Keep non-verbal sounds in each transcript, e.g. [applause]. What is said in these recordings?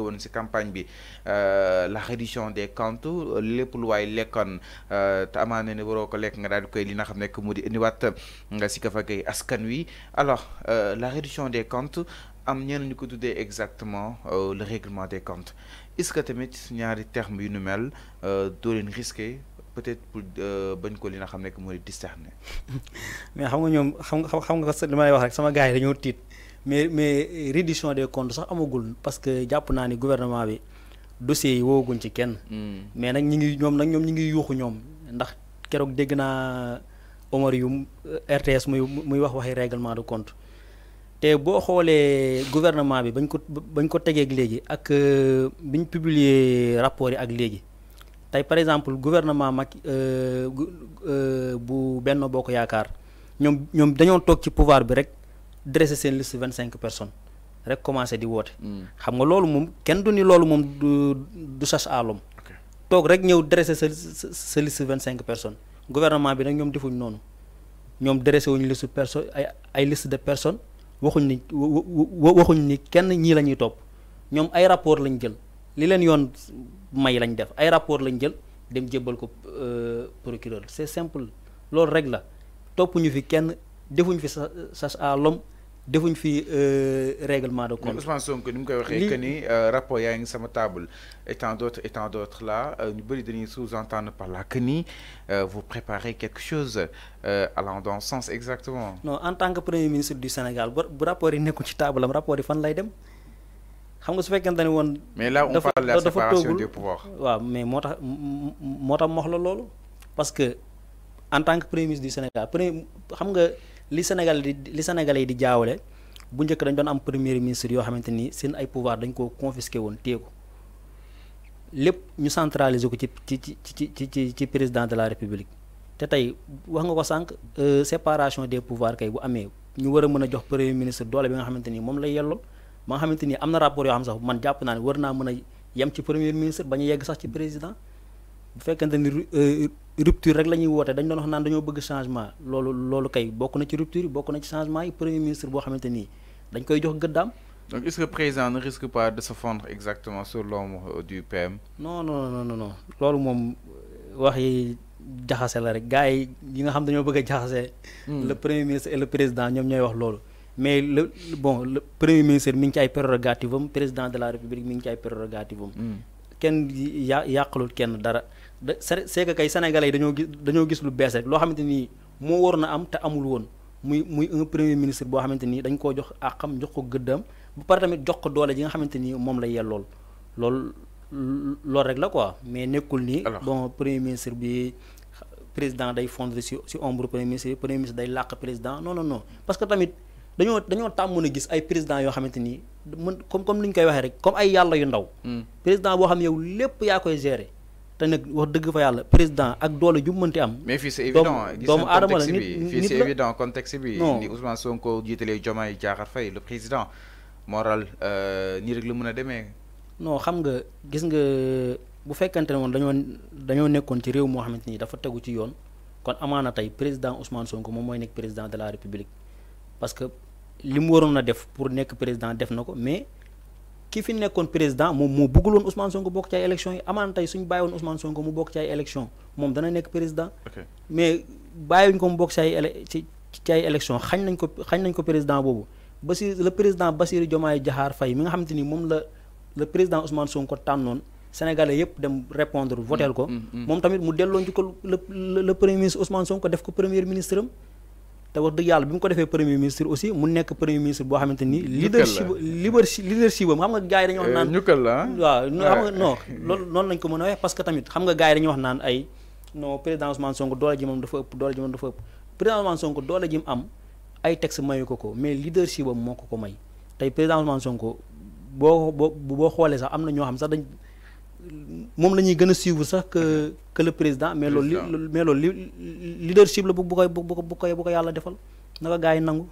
woon ci campagne bi euh, la réduction des comptes lepp lu way lekkoon euh, te amaana ne waroo ko lekk nga dal di koy li na xam ne mu indi wat nga sikafa gay askan wi alors euh, la réduction des comptes am ñenn ñu ko tuddé exactement le règlement des comptes est-ce que tamit ñaari terme yu ñu mel doo leen risqué peut-être pour bañ ko li na xam ne mu discerner [laughs] mais xam nga ñom xam nga xam nga li may wax rek sama gaay dañu tiit. mais mais reddition des comptes sax amagul parce que jàpp naa ni gouvernement bi dossiers yi wooguñ ci kenn. Hmm. mais nag ñi ngi ñoom nag ñoom ñi ngi yuuxu ñoom ndax keroog dégg naa Omar yu euh, RTS muy muy wax waxi règlement de compte te boo xoolee gouvernement bi bañ ko bañ ko tegeeg léegi ak euh, biñ publier rapport yi ak léegi tey par exemple gouvernement mag euh, bu benn boo ko yaakaar ñoom ñoom dañoo toog ci pouvoir bi rek. dressé seen liste vingt cinq personne rek commencé di woote. Hmm. xam nga loolu moom kenn du ni loolu moom du du chasse à l'homme toog rek ñëw dressé sa sa liste vingt cinq personne gouvernement bi nag ñoom defuñ noonu ñoom dressé wuñ liste perso ay ay liste de personnes waxuñ ni waxuñ ni kenn ñii la ñuy topp ñoom ay rapport lañ jël li leen yoon may lañ def ay rapport lañ jël dem jébbal ko euh, procureur c'est simple loolu rek la topp fi kenn defuñ fi sa à l'homme Je fi euh, règlement de compte. Ousmane Sonko ni nous koy waxee que ni euh, rapport yaa table et tant d'autres et tant d'autres là nous euh, voulons dañuy sous-entendre par là que ni vous préparez quelque chose allant dans ce sens exactement. non en tant que premier ministre du Sénégal le rapport yi nekkul ci table un rapport yi fan lay mais là on parle de la séparation des pouvoirs. Oui, mais je suis parce que en tant que premier ministre du Sénégal li Sénégal di li yi di jaawale bu njëkk dañ doon am premier ministre yoo xamante ni seen ay pouvoir dañ koo confisqué woon téye ko lépp ñu centraliser ko ci ci ci ci ci ci président de la république te tey wax nga ko sànq euh, séparation des pouvoirs kay bu amee ñu war a mën a jox premier ministre doole bi nga xamante ni moom la yelloo ba nga xamante ni am na rapport yoo xam sax man jàpp naa ne war naa mën a yem ci premier ministre ba ñu yegg sax ci président. bu ni euh, rupture rek la ñuy woote dañ doon wax naan dañoo bëgg changement loolu loolu kay bokk na ci rupture yi bokk na ci changement yi premier ministre boo xamante nii dañ koy jox gëddaam donc est-ce que président ne risque pas de se fondre exactement sur l'ombre euh, du PM non non non non non loolu moom euh, wax yi jaxase la rek gars yi yi nga xam dañoo bëgg a jaxase hmm. le premier ministre et le président ñoom ñooy wax loolu mais le bon le premier ministre mi ngi ci ay prérogative am président de la république mi ngi ci ay prérogative am hmm. kenn yà yàqalul kenn dara da c'est que kay sénégalais yi dañoo gis dañoo gis lu bees rek loo xamante ni moo war na am te amul woon muy muy un premier ministre boo xamante ni dañ koo jox xam jox ko gëddam ba pare tamit jox ko doole ji nga xamante ni moom la yellool loolu loolu rek la quoi mais nekkul nii bon premier ministre bi président day fondre si si ombre premier ministre premier ministre day làq président non non non tamit dañoo dañoo tàmmoon a gis ay président yoo xamante ni mën comme comme ni ñu koy waxee rek comme ay yàlla yu ndaw. Hmm. président boo xam ne yow lépp yaa koy gérer. te nag dëgg fa yàlla président ak doole ju mënti am. mais fii c'est évident gis nañ contexte bi fii c'est jiitalee Diomaye Diakhar Faye le président moral euh, nii rek la mën a demee. non xam nga gis nga bu fekkante ne woon dañoo dañoo nekkoon ci réew moo xamante ni dafa tegu ci yoon kon amaana tey président Ousmane Sonko moom mooy nekk président de la république parce li mu waroon a def pour nekk président def na ko mais ki fi nekkoon président moom moo bëggul woon Ousmane Sonko bokk ci ay élections yi amaan tey suñu bàyyi Ousmane Sonko mu bokk ci ay élections moom dana nekk président. mais bàyyiwuñ ko mu bokk ci ay ci ci ay élections xañ nañ ko xañ nañ ko président boobu si le président Bassirou Diomaye Diakhar Faye mi nga xamante ni moom la le président Ousmane Sonko tànnoon. Sénégalais yëpp dem répondre votel ko. Mm, mm, mm. moom tamit mu delloo njukkal le le premier ministre Ousmane Sonko def ko premier ministre am. te wax dëgg yàlla bi mu ko defee premier ministre aussi mu nekk premier ministre boo xamante ni. leadership leadership leadership am xam nga gars yi dañuy wax eh, naan. ñukkal la ah? waaw ah. noonu lañ ko mën a waxee parce que tamit xam nga gaay yi dañuy wax naan ay non président Ousmane Sonko doole ji moom dafa ëpp doole ji moom dafa ëpp président Ousmane Sonko doole ji mu am ay texte mayu ko ko mais leadership am moo ko ko may tey président man Sonko boo boo boo xoolee sax am na ñoo xam sax dañ. mom lañuy gëna suivre sax que que le président mais loolu mais leadership la bu bu bu ko bu ko yalla defal naka gaay nangu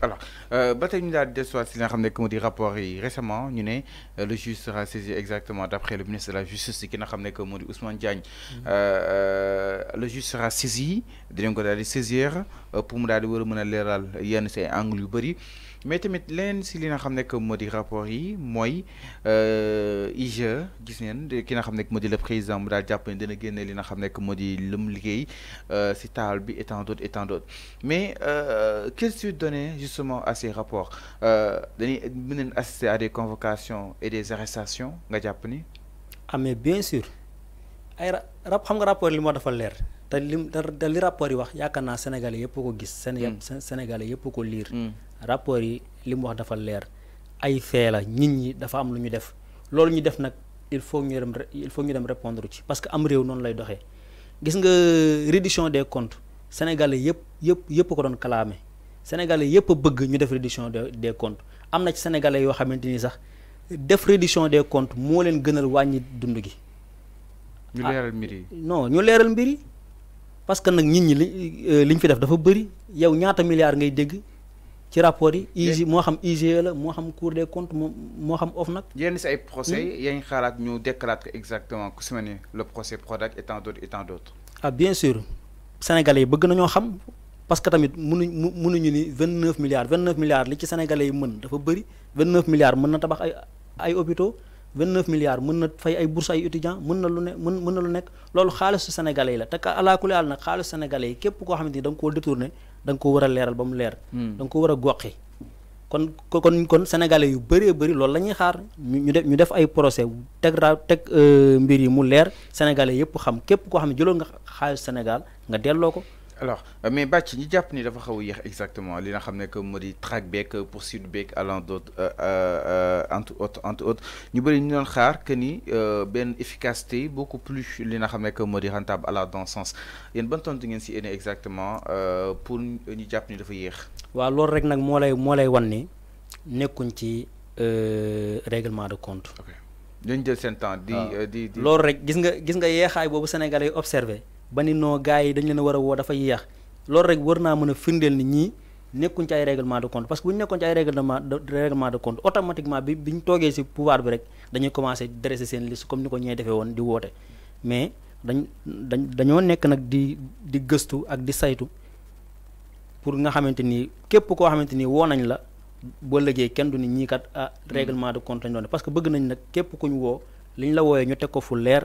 alors euh, ba tey ñu daal di desuwaat si li nga xamné ne di rapport yi récemment ñu né euh, le juge sera saisi exactement d'après le ministre de la justice ki nga xamné comme que di Ousmane Diagne mm-hmm. euh, le juge sera saisi dinañ ko daal di saisir pour mu daal di war a a yenn say angle yu bari mais tamit leneen si li nga xam nekk moo rapport yi mooy euh, IGE gis ngeen ki nga xam nekk moo le président mu daal jàpp ne dina génne li nga xam nekk moo di lum liggéey euh, si taal bi et tant d'autres et tant d'autres mais euh, quelle suite donner justement à ces rapports dañuy mën nañ assister à des convocations et des arrestations nga jàpp ni. ah mais bien sûr ay rap xam nga rapport li moo dafa leer. te li te li rapport yi wax yaakaar naa Sénégalais yëpp ko gis. Hmm. Sénégalais yëpp ko lire. Hmm. rapport yi li mu wax dafa leer ay fee la nit ñi dafa am lu ñu def loolu ñu def nag il faut ñu dem il ñu dem répondre ci parce que am réew noonu lay doxe gis nga euh, reddition des comptes sénégalais yëpp yëpp yëpp ko doon kalaame sénégalais yëpp bëgg ñu def reddition des comptes am na ci sénégalais yoo xamante ni sax def reddition des comptes moo leen gënal wàññi dund gi. ñu ah, leeral mbir yi non ñu leeral mbir yi parce que nag nit ñi li euh, ñu fi def dafa bëri yow ñaata milliards ngay dégg. ci rapport yi. IG moo xam IGE la moo xam Cour des comptes moo xam OFNAC. yenn si ay procès hmm? yañ xalaat ñu déclarer ko exactement ku si le procès Prodac et tant d'autres et tant d'autres. ah bien sûr sénégalais yi bëgg nañoo xam parce que tamit mënuñ mënuñu ni vingt neuf milliards vingt neuf milliards li ci sénégalais yi mën dafa bëri vingt neuf milliards mën na tabax ay ay hôpitaux. 29 milliards mën na fay ay bourse ay étudiants mën na lu ne mën mën na lu nekk loolu xaalisu sénégalais yi la te alaakulli àll nag xaalisu sénégalais yi képp ko xamante ni da nga koo détourné da nga ko war a leeral ba mu leer hmm. da nga ko war a goqi kon kon kon sénégalais yu bëree bëri loolu la ñuy xaar ñu def ñu def ay procès teg ra teg euh, mbir yi mu leer sénégalais yëpp xam képp koo xam ne jëloo nga xaalisu Sénégal nga delloo ko alors euh, mais bàcc ñi japp ni dafa xaw a exactement li nga xamné que modi track traque beeg poursuite beeg allant d'autres euh, euh, entre autres entre autres ñu bari ñu don xaar que ni ben efficacité beaucoup plus li nga xamné que modi rentable à la dans sens yéen ban tontu ngeen ci ene exactement euh pour ñu japp ni dafa yéex. wa lool rek nak moo lay moo lay wan ni nekkuñ ci règlement de compte. ok dañ jël sen temps. di di lool rek gis nga gis nga yeexaay bobu Sénégalais yi observé. ba ni noo gars yi dañ leen war a woo dafa yéex loolu rek war naa mën a firndeel ni ñii nekkuñ ci ay règlement de compte parce que bu ñu nekkoon ci ay règlement de règlement automatiquement bi bi ñu toogee si pouvoir bi rek dañuy commencé dresser seen liste comme ni ko ñee defee woon di woote mais dañ dañ dañoo nekk nag di di gëstu ak di saytu pour nga xamante ni képp koo xamante ni woo nañ la boo lëggee kenn du ni ñii kat ah hmm. règlement de compte lañ doon parce que bëgg nañ nag képp ku ñu woo li ñu la wooyee ñu teg ko fu leer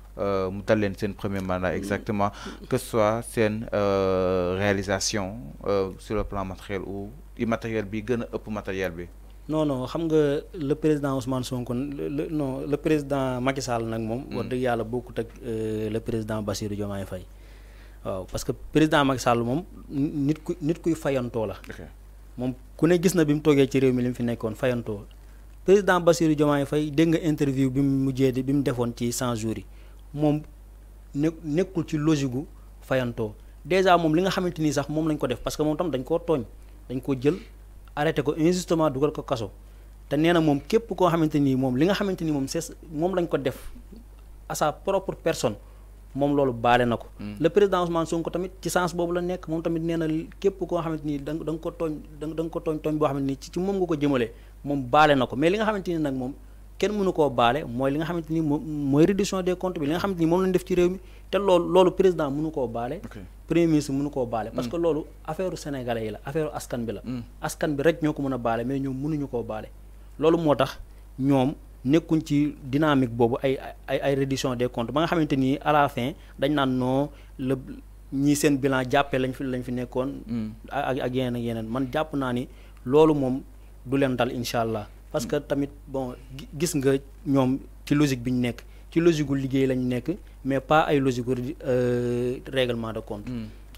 Euh, mu tal leen premier mandat exactement que ce soit euh, réalisation euh, sur le plan matériel ou immatériel bi gën matériel bi. non non xam nga le président Ousmane Sonko non le président Macky Sall nag moom. a beaucoup de bokkut ak euh, le président Bassirou Diomaye Faye waaw parce que président Macky Sall moom nit ku nit kuy fayantoo la. moom ku ne gis na bimu mu ci rew mi lim fi nekkoon fayanto président Bassirou Diomaye Fay dégg nga interview bimu mujjé mujjee bi mu ci 100 jours moom ne nekkul ci logique gu fayantoo déjà moom li nga xamante ni sax moom lañ ko def parce que moom tam dañ koo tooñ dañ koo jël arrêté ko injustement dugal ko kaso te nee na képp koo xamante ni moom li nga xamante ni moom c'est moom lañ ko def à sa propre personne moom loolu baale na ko. Hmm. le président Ousmane tamit ci sens boobu la nekk moom tamit nee na koo xamante ni da nga ko tooñ da ko tooñ tooñ boo xamante ni ci moom nga ko jëmale moom baale na ko mais li nga xamante ni nag moom. kenn mënu koo baale mooy li nga xamante ni moom mooy réduction des comptes bi li nga xamante ni moom lañ def ci réew mi te loolu loolu président mënu koo baale premier ministre mënu koo baale parce mm. que loolu affaire sénégalais yi la affaire askan bi la mm. askan bi rek ñoo ko mën a baale mais ñoom mënuñu koo baale loolu moo tax ñoom nekkuñ ci dynamique boobu ay ay ay réduction des comptes ba nga xamante ni à fin dañ naan non la ñii seen bilan jàppee lañ fi lañ fi nekkoon mm. ak ak yeneen yeneen man jàpp naa ni loolu moom du leen dal incha allah parce que tamit bon gis nga ñom ci logique biñ nek ci logique liguey lañ nek mais pas ay logique euh règlement de compte. Hmm.